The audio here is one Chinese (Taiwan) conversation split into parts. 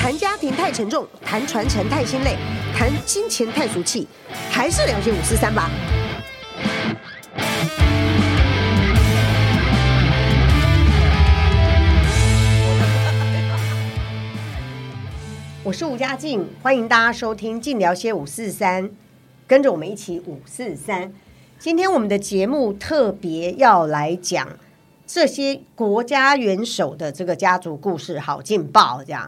談家庭太沉重，談傳承太心累，談金錢太俗氣，還是聊些五四三吧。我是吳佳晉，歡迎大家收聽《晉聊些五四三》，跟着我們一起五四三。今天我們的節目特別要來講這些國家元首的這個家族故事，好勁爆這樣。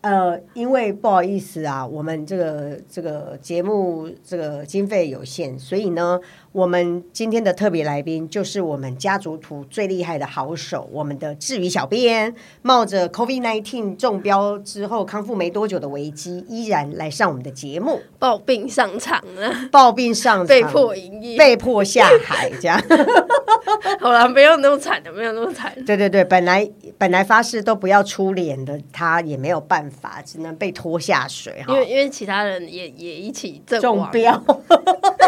呃，因為不好意思啊，我們這個這個節目這個經費有限，所以呢，我們今天的特別來賓就是我們家族圖最厲害的好手，我們的治癒小編，冒着 COVID nineteen 中標之後康復沒多久的危機，依然來上我們的節目，抱病上場了，啊，抱病上場，被迫營業，被迫下海，這樣。 好啦了，沒有那麼慘的，沒有那麼慘。對對對，本來本來發誓都不要出臉的，他也沒有辦法，只能被拖下水。哦、因為因為其他人也也一起中標，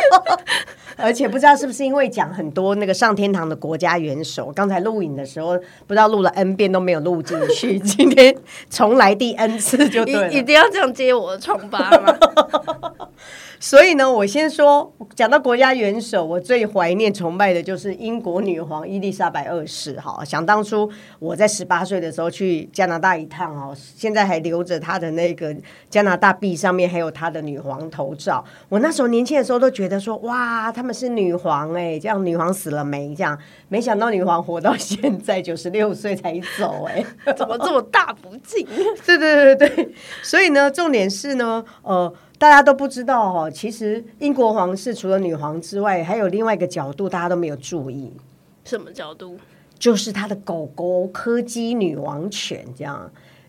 而且不知道是不是因為講很多那個上天堂的國家元首，剛才錄影的時候不知道錄了 N 遍，都沒有錄進去， 今天重來第 N 次就對了，一定要這樣接我的崇拜嗎？ 所以呢，我先說，講到國家元首，我最懷念崇拜的就是英。英國女皇伊麗莎白二世，哈，想當初我在十八歲的時候去加拿大一趟，哦，現在還留着她的那個加拿大幣上面還有她的女皇頭照。我那時候年輕的時候都覺得說，哇，他們是女皇哎、欸，這樣女皇死了沒？這樣沒想到女皇活到現在九十六歲才走、欸，哎， 怎麼這麼大不敬？ 對對對對對，所以呢，重點是呢，呃。大家都不知道哦，其實英國皇室除了女皇之外，還有另外一個角度，大家都沒有注意。什麼角度？就是她的狗狗柯基女王犬這樣。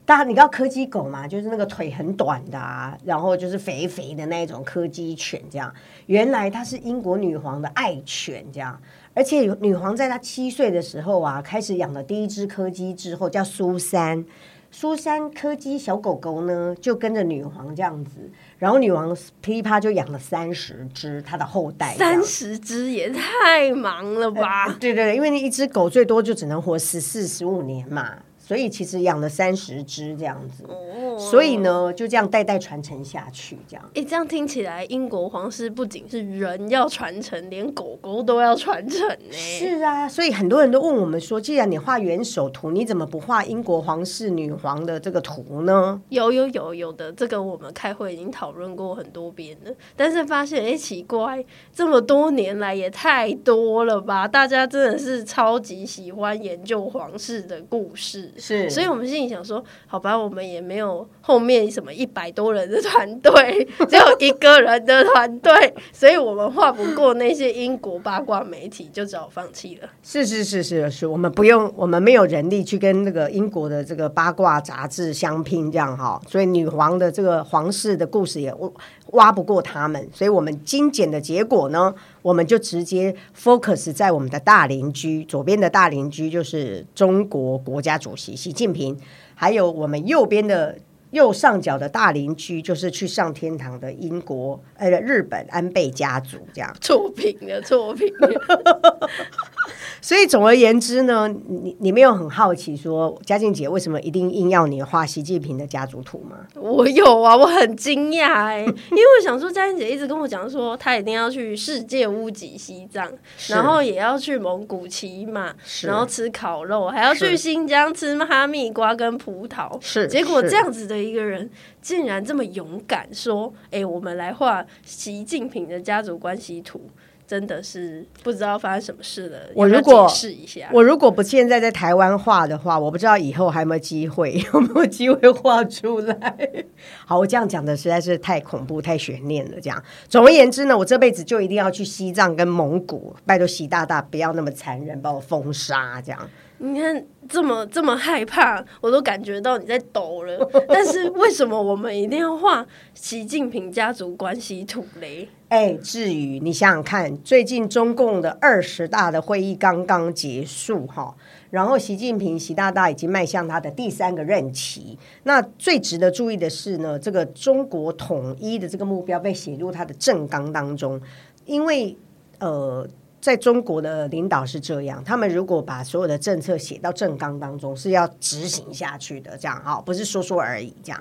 大家你知道柯基狗嗎？就是那個腿很短的啊，然後就是肥肥的那種柯基犬這樣。原來它是英國女皇的愛犬這樣。而且女皇在她七歲的時候啊，開始養了第一只柯基之後，叫蘇珊。蘇珊柯基小狗狗呢，就跟着女王這樣子，然後女王噼啪就養了三十只它的後代，三十只也太忙了吧？呃、對,對對，因為一只狗最多就只能活十四、十五年嘛，所以其實養了三十只這樣子。嗯所以呢，就這樣代代傳承下去，這樣。誒，這樣聽起來，英國皇室不僅是人要傳承，連狗狗都要傳承呢。是啊，所以很多人都問我們說，既然你畫元首圖，你怎麼不畫英國皇室女皇的這個圖呢？有有有有的，這個我們開會已經討論過很多遍了。但是發現，誒，奇怪，這麼多年來也太多了吧？大家真的是超級喜歡研究皇室的故事，是。所以我們心裡想說，好吧，我們也沒有。後面什麼一百多人的團隊，只有一個人的團隊， 所以我們畫不過那些英國八卦媒體，就只好放棄了。是是是是是，我們不用，我們沒有人力去跟那個英國的這個八卦雜誌相拼，這樣哈，所以女皇的這個皇室的故事也挖，挖不過他們，所以我們精簡的結果呢，我們就直接 focus 在我們的大鄰居，左邊的大鄰居就是中國國家主席習近平，還有我們右邊的。右上角的大鄰居就是去上天堂的英國，呃，日本安倍家族這樣作品的，作品。 所以總而言之呢，你你沒有很好奇說嘉靖姐為什麼一定硬要你畫習近平的家族圖嗎？我有啊，我很驚訝哎， 因為我想說嘉靖姐一直跟我講說，她一定要去世界屋脊西藏，是然後也要去蒙古騎馬，是然後吃烤肉，還要去新疆吃哈密瓜跟葡萄，是結果這樣子的。一個人竟然這麼勇敢，說：“哎、欸，我們來畫習近平的家族關係圖。”真的是不知道發生什麼事了。我如果試一下，我如果不現在在台灣畫的話，我不知道以後還有沒有機會，有沒有機會畫出來。 好，我這樣講的實在是太恐怖、太懸念了。這樣，總而言之呢，我這輩子就一定要去西藏跟蒙古。拜託習大大，不要那麼殘忍把我封殺。這樣，你看。這麼這麼害怕，我都感覺到你在抖了。 但是為什麼我們一定要畫習近平家族關係圖呢？哎、欸，至於你想想看，最近中共的二十大的會議剛剛結束哈，然後習近平習大大已經邁向他的第三個任期。那最值得注意的是呢，這個中國統一的這個目標被寫入他的政綱當中，因為呃。在中國的領導是這樣，他們如果把所有的政策寫到政綱當中，是要執行下去的，這樣哈，不是說說而已。這樣，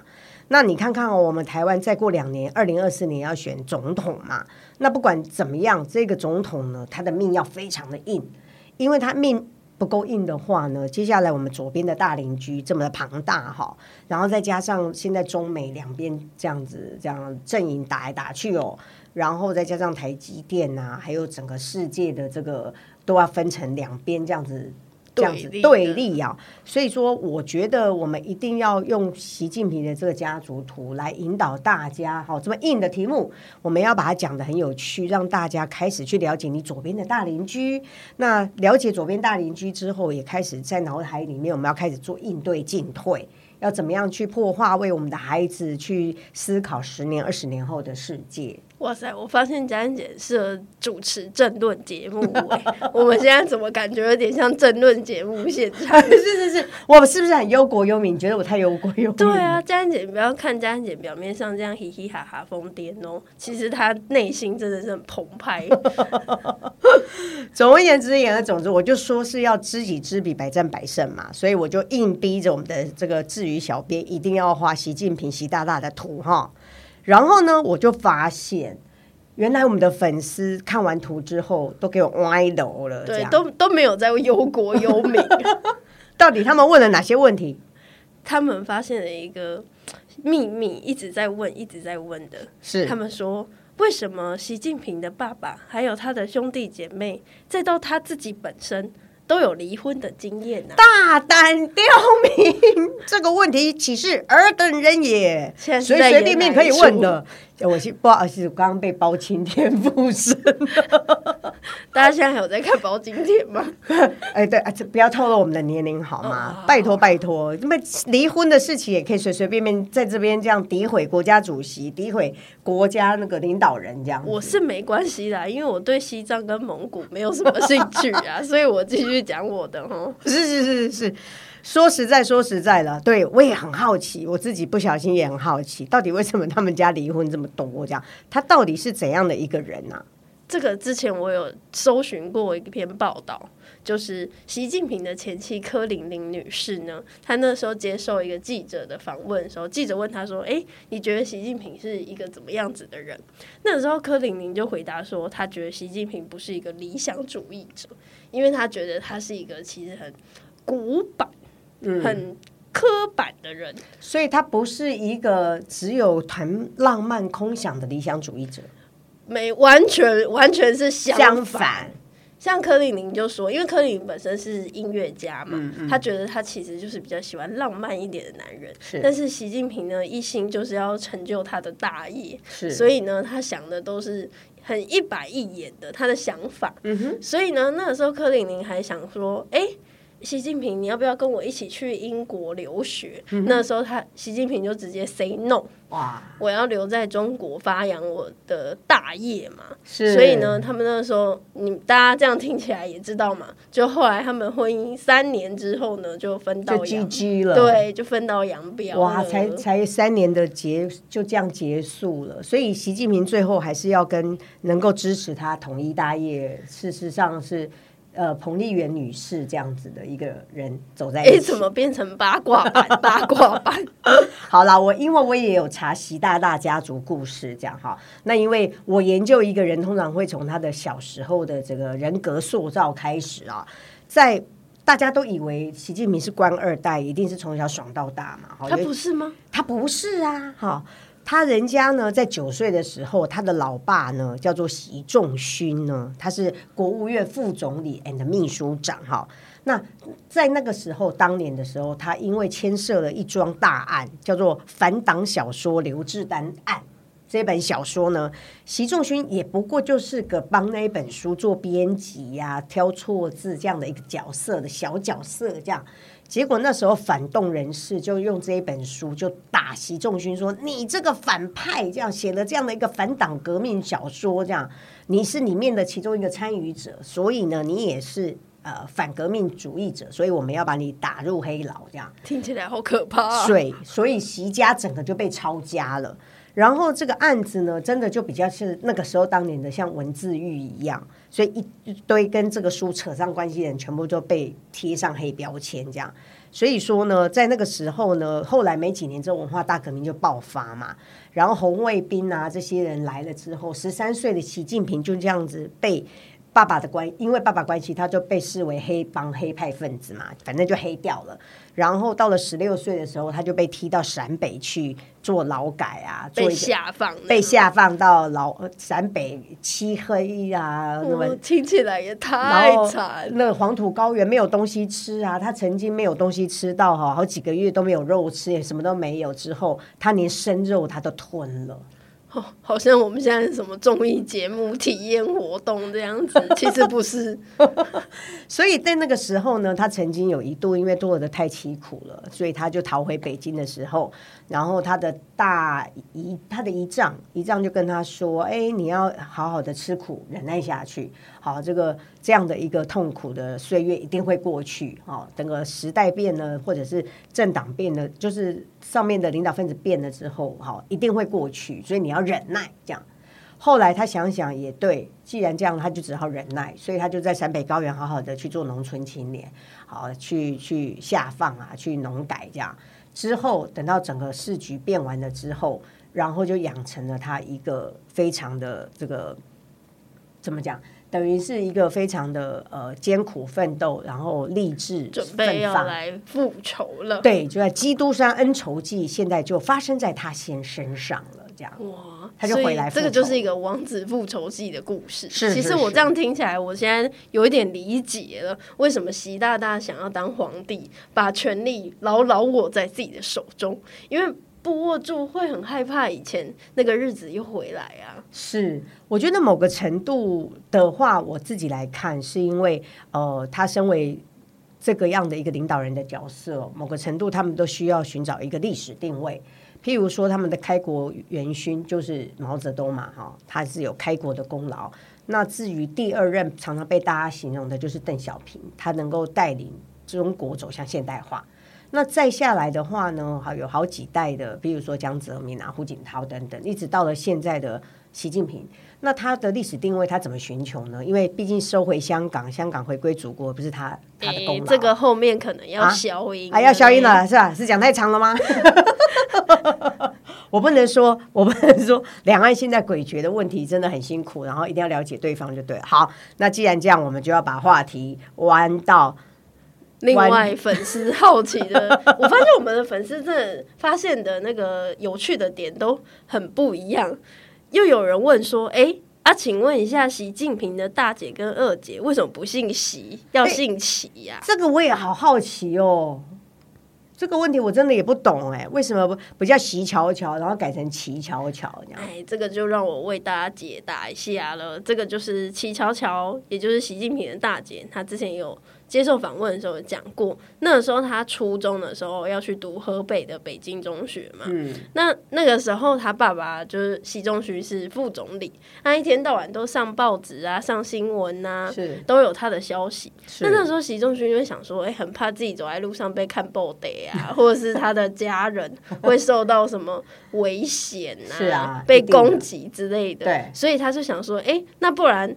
那你看看哦，我們台灣，再過兩年，二零二四年要選總統嘛？那不管怎麼樣，這個總統呢，他的命要非常的硬，因為他命。不夠硬的話呢，接下來我們左邊的大鄰居這麼的龐大哈，然後再加上現在中美兩邊這樣子這樣陣營打來打去哦、喔，然後再加上台積電吶、啊，還有整個世界的這個都要分成兩邊這樣子。這樣子對立啊，所以說我覺得我們一定要用習近平的這個家族圖來引導大家。好，這麼硬的題目，我們要把它講得很有趣，讓大家開始去了解你左邊的大鄰居。那了解左邊大鄰居之後，也開始在腦海裡面，我們要開始做應對進退，要怎麼樣去破壞，為我們的孩子去思考十年、二十年後的世界。哇塞！我發現佳恩姐適合主持政論節目哎、欸， 我們現在怎麼感覺有點像政論節目現場？ 是是是，我們是不是很憂國憂民？你覺得我太憂國憂民？對啊，佳恩姐，你不要看佳恩姐表面上這樣嘻嘻哈哈瘋癲哦，其實她內心真的是很澎湃。 總而言之，言而總之，我就說是要知己知彼，百戰百勝嘛，所以我就硬逼着我們的這個至於小編一定要畫習近平、習大大的圖哈。然後呢，我就發現，原來我們的粉絲看完圖之後都給我歪樓了，對，都都沒有在憂國憂民。 到底他們問了哪些問題？他們發現了一個秘密，一直在問，一直在問的。是，他們說，為什麼習近平的爸爸還有他的兄弟姐妹，再到他自己本身？都有離婚的經驗呢，大膽刁民，這個問題豈是爾等人也隨隨便便可以問的？我去，不好意思，剛剛被包青天附身了。 大家現在還有在看《包青天》嗎？ 哎，對、啊這，不要透露我們的年齡好嗎？哦、好好拜托，拜託！那麼離婚的事情也可以隨隨便便在這邊這樣詆毀國家主席、詆毀國家那個領導人這樣。我是沒關係的、啊，因為我對西藏跟蒙古沒有什麼興趣啊， 所以我繼續講我的哦，是 是是是是，說實在說實在的，對我也很好奇，我自己不小心也很好奇，到底為什麼他們家離婚這麼多？這樣，他到底是怎樣的一個人呢、啊？這個之前我有搜尋過一篇報道，就是習近平的前妻柯玲玲女士呢，她那時候接受一個記者的訪問的時候，記者問她說：“哎，你覺得習近平是一個怎麼樣子的人？”那時候柯玲玲就回答說，她覺得習近平不是一個理想主義者，因為她覺得他是一個其實很古板、嗯、很刻板的人，所以他不是一個只有談浪漫空想的理想主義者。沒完全完全是相反，像柯玲玲就說，因為柯玲玲本身是音樂家嘛，嗯嗯，他覺得他其實就是比較喜歡浪漫一點的男人。是。但是習近平呢，一心就是要成就他的大業，是所以呢，他想的都是很一板一眼的他的想法。嗯、哼所以呢，那個時候柯玲玲還想說，哎、欸。習近平，你要不要跟我一起去英國留學？嗯哼。那時候他，習近平就直接 say no。哇！我要留在中國發揚我的大業嘛。是。所以呢，他們那個時候，你大家這樣聽起來也知道嘛。就後來他們婚姻三年之後呢，就分道揚鑣了。對，就分道揚鑣。哇！才才三年的結就這樣結束了。所以習近平最後還是要跟能夠支持他統一大業，事實上是。呃，彭麗媛女士這樣子的一個人走在一起，哎，怎麼變成八卦版？ 八卦版 好啦，我因為我也有查習大大家族故事，這樣哈。那因為我研究一個人，通常會從他的小時候的這個人格塑造開始啊。在大家都以為習近平是官二代，一定是從小爽到大嘛？他不是嗎？他不是啊，他人家呢，在九歲的時候，他的老爸呢，叫做習仲勳呢，他是國務院副總理 and 秘書長哈。那在那個時候，當年的時候，他因為牽涉了一樁大案，叫做《反黨小說劉志丹案》。這本小說呢，習仲勳也不過就是個幫那一本書做編輯呀、啊、挑錯字這樣的一個角色的小角色這樣。結果那時候反動人士就用這一本書就打習仲勳，說你這個反派，這樣寫了這樣的一個反黨革命小說，這樣你是裡面的其中一個參與者，所以呢，你也是呃反革命主義者，所以我們要把你打入黑牢，這樣聽起來好可怕。對，所以習家整個就被抄家了。然後這個案子呢，真的就比較是那個時候當年的像文字獄一樣，所以一堆跟這個書扯上關係的人，全部就被貼上黑標籤這樣。所以說呢，在那個時候呢，後來沒幾年，這文化大革命就爆發嘛。然後紅衛兵啊，這些人來了之後，十三歲的習近平就這樣子被爸爸的關，因為爸爸關係，他就被視為黑幫黑派分子嘛，反正就黑掉了。然後到了十六歲的時候，他就被踢到陝北去做勞改啊，被下放了做，被下放到老陝北漆黑啊，那麼聽起來也太慘。那黃土高原沒有東西吃啊，他曾經沒有東西吃到哈，好幾個月都沒有肉吃也，也什麼都沒有。之後他連生肉他都吞了。哦，oh, 好像我們現在是什麼綜藝節目體驗活動這樣子，其實不是。 所以在那個時候呢，他曾經有一度因為做得太淒苦了，所以他就逃回北京的時候，然後他的大姨他的姨丈姨丈就跟他說：“哎，你要好好的吃苦忍耐下去，好，這個這樣的一個痛苦的歲月一定會過去。哦，整個時代變了，或者是政黨變了，就是上面的領導分子變了之後，好，一定會過去。所以你要。”忍耐，這樣。後來他想想也對，既然這樣，他就只好忍耐。所以他就在陝北高原好好的去做農村青年，好去去下放啊，去農改這樣。之後等到整個世局變完了之後，然後就養成了他一個非常的這個怎麼講？等於是一個非常的呃艱苦奮鬥，然後勵志，準備要來復仇了。對，就在基督山恩仇記，現在就發生在他先身上哇，他就回來，這個就是一個王子復仇記的故事。是,是，其實我這樣聽起來，我現在有一點理解了為什麼習大大想要當皇帝，把權力牢牢握在自己的手中，因為不握住會很害怕以前那個日子又回來啊。是，我覺得某個程度的話，我自己來看，是因為呃，他身為這個樣的一個領導人的角色，某個程度他們都需要尋找一個歷史定位。譬如說，他們的開國元勳就是毛澤東嘛，哈，他是有開國的功勞。那至於第二任，常常被大家形容的就是鄧小平，他能夠帶領中國走向現代化。那再下來的話呢，還有好幾代的，比如說江澤民啊、胡錦濤等等，一直到了現在的。習近平，那他的歷史定位，他怎麼尋求呢？因為畢竟收回香港，香港回歸祖國不是他、欸、他的功勞。這個後面可能要消音，還、啊啊、要消音了，是吧？是講太長了嗎？ 我不能說，我不能說，兩岸現在詭譎的問題真的很辛苦，然後一定要了解對方就對。好，那既然這樣，我們就要把話題彎到另外粉絲好奇的。 我發現我們的粉絲真的發現的那個有趣的點都很不一樣。又有人問說：“哎、欸，啊，請問一下，習近平的大姐跟二姐為什麼不姓習，要姓齊呀、啊欸？”這個我也好好奇哦，這個問題我真的也不懂哎、欸，為什麼不不叫習喬喬，然後改成齊喬喬這樣哎，這個就讓我為大家解答一下了。這個就是齊喬喬，也就是習近平的大姐，她之前有。接受訪問的時候講過，那個時候他初中的時候要去讀河北的北京中學嘛。嗯、那那個時候他爸爸就是習仲勳是副總理，他一天到晚都上報紙啊、上新聞啊，是都有他的消息。是那那時候習仲勳就會想說，哎、欸，很怕自己走在路上被看報 o 啊， 或者是他的家人會受到什麼危險啊， 啊被攻擊之類的。所以他就想說，哎、欸，那不然。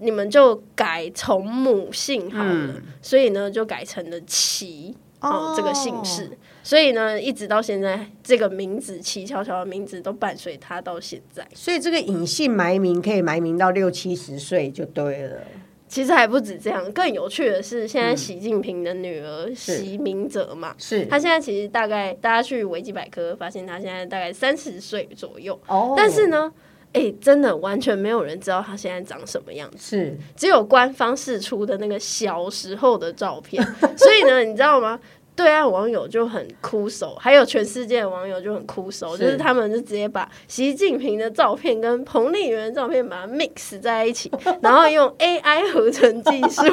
你們就改從母姓好了，嗯、所以呢就改成了齊哦、嗯、這個姓氏，所以呢一直到現在這個名字，齊橋橋的名字都伴隨他到現在。所以這個隱姓埋名可以埋名到六七十歲就對了。其實還不止這樣，更有趣的是，現在習近平的女兒習、嗯、明澤嘛，是她現在其實大概大家去維基百科發現她現在大概三十歲左右。哦，但是呢。誒，真的完全沒有人知道他現在長什麼樣子，是只有官方釋出的那個小時候的照片。 所以呢，你知道嗎？對岸網友就很苦手，還有全世界的網友就很苦手，是就是他們就直接把習近平的照片跟彭麗媛的照片把它 mix 在一起， 然後用 AI 合成技術，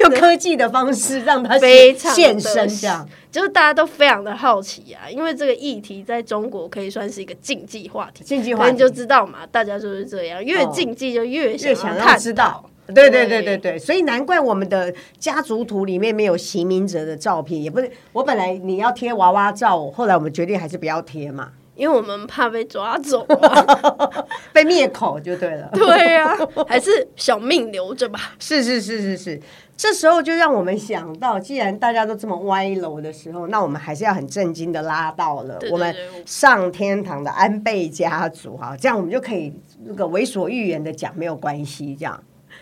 用科技的方式讓他現身這樣。就是大家都非常的好奇啊，因為這個議題在中國可以算是一個禁忌話題，禁忌話題你就知道嘛，大家就是這樣，越禁忌就越想，哦，越想要知道。對對對對對，對所以難怪我們的家族圖裡面沒有習明澤的照片，也不是我本來你要貼娃娃照，後來我們決定還是不要貼嘛。因為我們怕被抓走、啊， 被滅口就對了。 對呀、啊，還是小命留着吧。 是是是是是，這時候就讓我們想到，既然大家都這麼歪樓的時候，那我們還是要很震驚的拉到了，對對對，我們上天堂的安倍家族哈，這樣我們就可以那個為所欲言的講沒有關係。這樣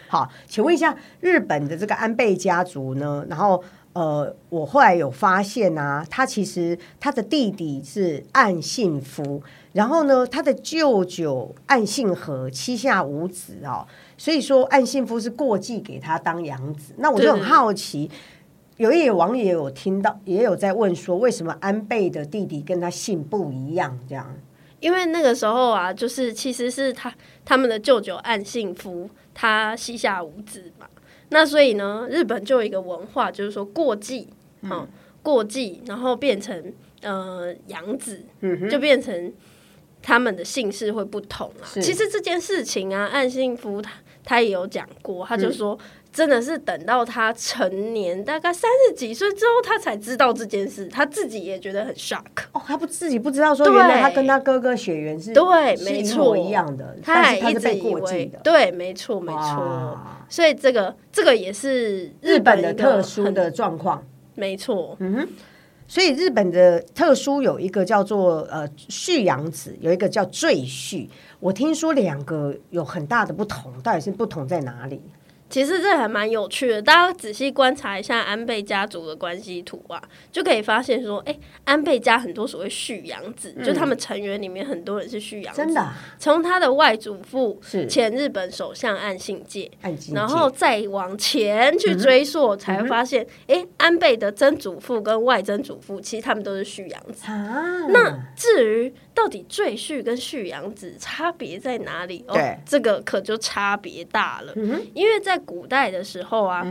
好，請問一下日本的這個安倍家族呢？然後。呃，我後來有發現啊，他其實他的弟弟是岸信夫，然後呢，他的舅舅岸信和膝下無子哦，所以說岸信夫是過繼給他當養子。那我就很好奇，對有一些網友有聽到也有在問說，為什麼安倍的弟弟跟他姓不一樣？這樣，因為那個時候啊，就是其實是他他們的舅舅岸信夫，他膝下無子嘛。那所以呢，日本就有一個文化，就是說過繼，啊、嗯喔，過繼，然後變成呃，養子，嗯、哼就變成他們的姓氏會不同啊。是其實這件事情啊，岸信夫他他也有講過，他就說。嗯真的是等到他成年，大概三十幾歲之後，他才知道這件事。他自己也覺得很 shock。哦，他不自己不知道說，原來他跟他哥哥血緣是對，沒錯一樣的。他還一直以為是是對，沒錯沒錯。啊、所以這個這個也是日本，日本的特殊的狀況。沒錯。嗯哼。所以日本的特殊有一個叫做呃婿養子，有一個叫贅婿。我聽說兩個有很大的不同，到底是不同在哪裡？其實這還蠻有趣的，大家仔細觀察一下安倍家族的關係圖啊，就可以發現說，哎、欸，安倍家很多所謂婿養子，嗯、就他們成員裡面很多人是婿養子。真的、啊。從他的外祖父，是前日本首相岸信介，岸信介然後再往前去追溯，嗯、才發現，哎、欸，安倍的曾祖父跟外曾祖父，其實他們都是婿養子。啊、那至於。到底贅婿跟婿養子差別在哪裡？哦、oh, 對，這個可就差別大了。嗯、哼因為在古代的時候啊，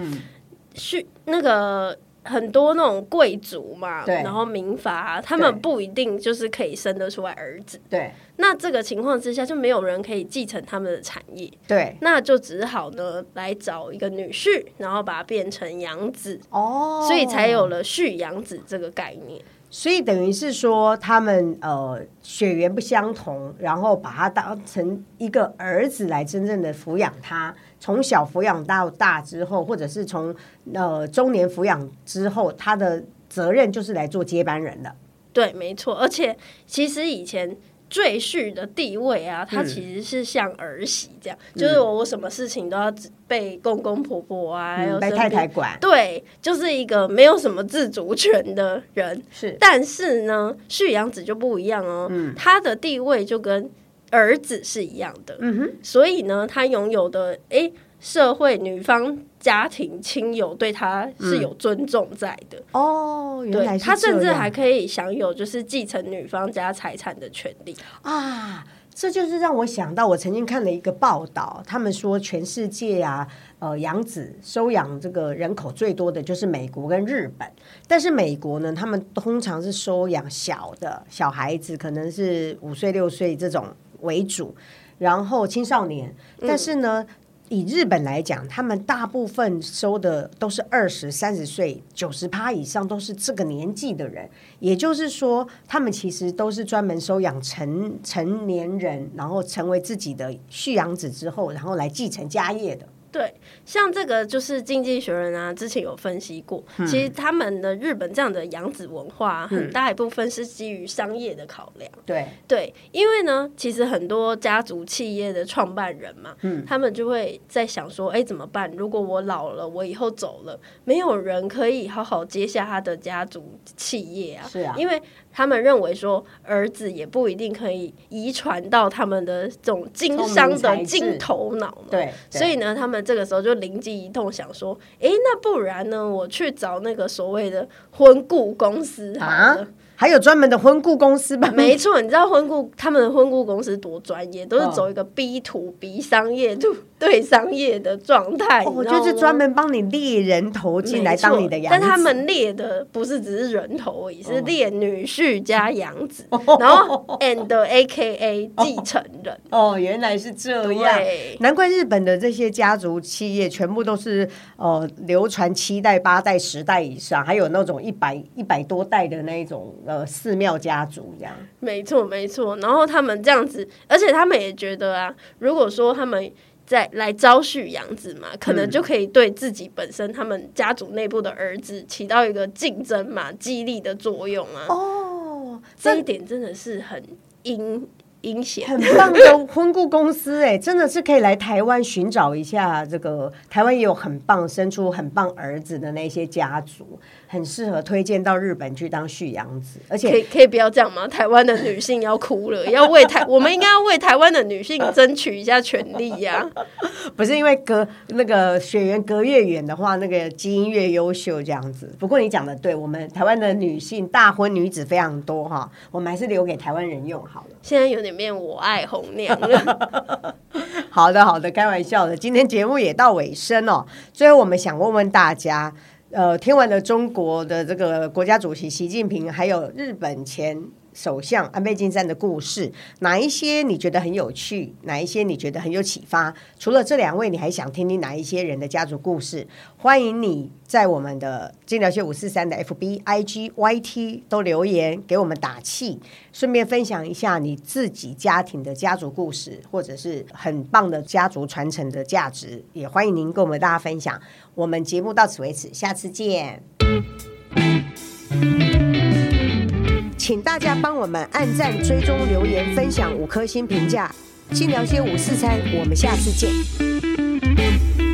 婿、嗯、那個很多那種貴族嘛，對然後民法、啊、他們不一定就是可以生得出來兒子。對，那這個情況之下就沒有人可以繼承他們的產業。對，那就只好呢來找一個女婿，然後把它變成養子。哦，所以才有了婿養子這個概念。所以等於是說，他們呃血緣不相同，然後把他當成一個兒子來真正的撫養他，從小撫養到大之後，或者是從呃中年撫養之後，他的責任就是來做接班人的。對，沒錯，而且其實以前。贅婿的地位啊，他其實是像兒媳這樣，嗯、就是我什麼事情都要被公公婆婆啊，嗯、還有、嗯、太太管，對，就是一個沒有什麼自主權的人。是。但是呢，婿養子就不一樣哦，嗯、他的地位就跟兒子是一樣的。嗯、哼所以呢，他擁有的誒。社會，女方家庭親友對他是有尊重在的。嗯、哦，原來對他甚至還可以享有就是繼承女方家財產的權利啊。這就是讓我想到，我曾經看了一個報道，他們說全世界啊，呃，養子收養這個人口最多的就是美國跟日本，但是美國呢，他們通常是收養小的小孩子，可能是五歲六歲這種為主，然後青少年，嗯、但是呢，以日本來講，他們大部分收的都是二十三十歲九十趴以上，都是這個年紀的人。也就是說，他們其實都是專門收養成成年人，然後成為自己的婿養子之後，然後來繼承家業的。對，像這個就是《經濟學人》啊，之前有分析過，嗯，其實他們的日本這樣的養子文化啊，嗯，很大一部分是基於商業的考量。對對，因為呢，其實很多家族企業的創辦人嘛，嗯，他們就會在想說，哎，怎麼辦？如果我老了，我以後走了，沒有人可以好好接下他的家族企業啊，是啊，因為。他們認為說，兒子也不一定可以遺傳到他們的這種經商的精頭腦，對，對，所以呢，他們這個時候就靈機一動，想說，誒，那不然呢？我去找那個所謂的婚顧公司，啊，還有專門的婚顧公司吧？沒錯，你知道婚顧他們的婚顧公司多專業，都是走一個 B to、哦、B 商業度。對商業的狀態，哦，就是專門幫你獵人頭進來當你的養子，但他們獵的不是只是人頭而已，是獵女婿加養子，哦、然後 and a k a 繼承人哦。哦，原來是這樣，對難怪日本的這些家族企業全部都是呃流傳七代八代十代以上，還有那種一百一百多代的那一種呃寺廟家族一樣。沒錯沒錯，然後他們這樣子，而且他們也覺得啊，如果說他們。再來招婿養子嘛，可能就可以對自己本身他們家族內部的兒子、嗯、起到一個競爭嘛、激勵的作用啊。哦，這一點真的是很陰。陰險，陰很棒的婚顧公司哎，欸，真的是可以來台灣尋找一下。這個台灣也有很棒，生出很棒兒子的那些家族，很適合推薦到日本去當婿養子。而且，可以可以不要這樣嗎？台灣的女性要哭了，要為台， 我們應該要為台灣的女性爭取一下權利呀，啊！ 不是因為隔那個血緣隔越遠的話，那個基因越優秀這樣子。不過你講的對，我們台灣的女性大婚女子非常多哈，我們還是留給台灣人用好了。現在有點。前面我愛紅娘， 好的好的，開玩笑的。今天節目也到尾聲了，哦，最後我們想問問大家，呃，聽完了中國的這個國家主席習近平，還有日本前首相安倍晉三的故事，哪一些你覺得很有趣？哪一些你覺得很有啟發？除了這兩位，你還想聽聽哪一些人的家族故事？歡迎你在我們的晉聊些五四三的 FBIGYT 都留言給我們打氣，順便分享一下你自己家庭的家族故事，或者是很棒的家族傳承的價值。也歡迎您跟我們大家分享。我們節目到此為止，下次見。 請大家幫我們按贊、追蹤、留言、分享五顆星評價，晉聊些五四三，我們下次見。